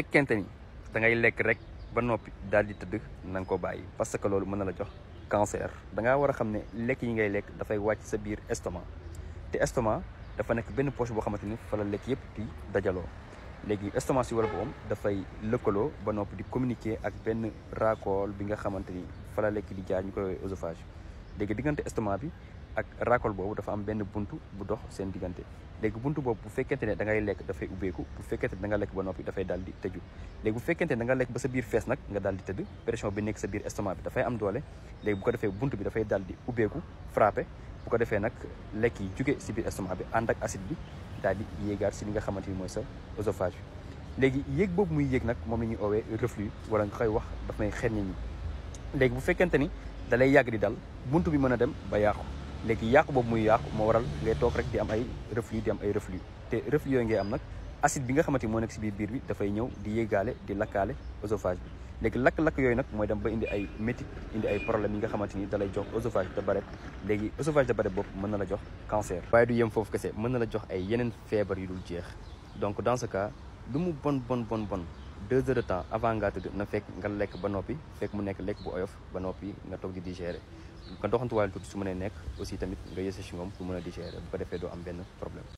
fekkente ni da lekk rek ba noppi daal di tëdd na ko bàyyi parce que loolu mën na la jox cancer da war a xam ne lekk yi ngay lekk dafay wàcc sa biir estomac te estomac dafa nekk benn poche boo xamante ni fa la lekk yëpp di dajaloo léegi estomac si wala dafay lëkkaloo ba noppi di communiquer ak benn raakool bi nga xamante ni fa lekk di jaar ñu koy oesophage léegi diggante estomac bi ak racole boobu dafa am benn buntu bu dox seen diggante léegi buntu boobu bu fekkente ne da ngay lekk dafay ubbeeku bu fekkente ne da nga lekk ba noppi dafay daal di tëju léegi fekkente ne nga lekk ba sa biir fees nag nga daal di tëdd pression bi nekk sa biir estomac bi doole léegi bu ko defee buntu bi dafay daal di ubbeeku frappé bu ko defee nag lekk yi jóge si biir estomac bi ànd ak acide bi daal di yéegaat si li nga xamante ni mooy sa oesophage léegi yéeg boobu muy yéeg nag moom la ñuy oowee reflux wala nga koy wax daf may xenni ñi léegi bu fekkente ni dalay yàgg di dal buntu bi mën a dem ba yàqu léegi yàqu boobu muy yàqu moo waral ngay toog rek di am ay reflux di am ay reflux te reflux yooyu ngay am nag acide bi nga xamante ni moo nekk si biir biir bi dafay ñëw di yéegaale di lakkaale oesophage bi léegi lakk-lakk yooyu nag mooy dem ba indi ay métit indi ay problème yi nga xamante ni da lay jox oesophage de Barrett léegi oesophage de Barrett boobu mën na la jox cancer waaye du yem foofu kese mën na la jox ay yeneen feebar yu dul jeex donc dans ce cas bon bon bon bon deux heures temps avant ngaa na fekk nga lekk ba noppi fekk mu nekk lekk bu oyof ba noppi nga toog di digérer nga doxantuwaale tuuti su mënee nekk aussi tamit nga yësa si moom pour mën a digérer bu ko defee doo am benn problème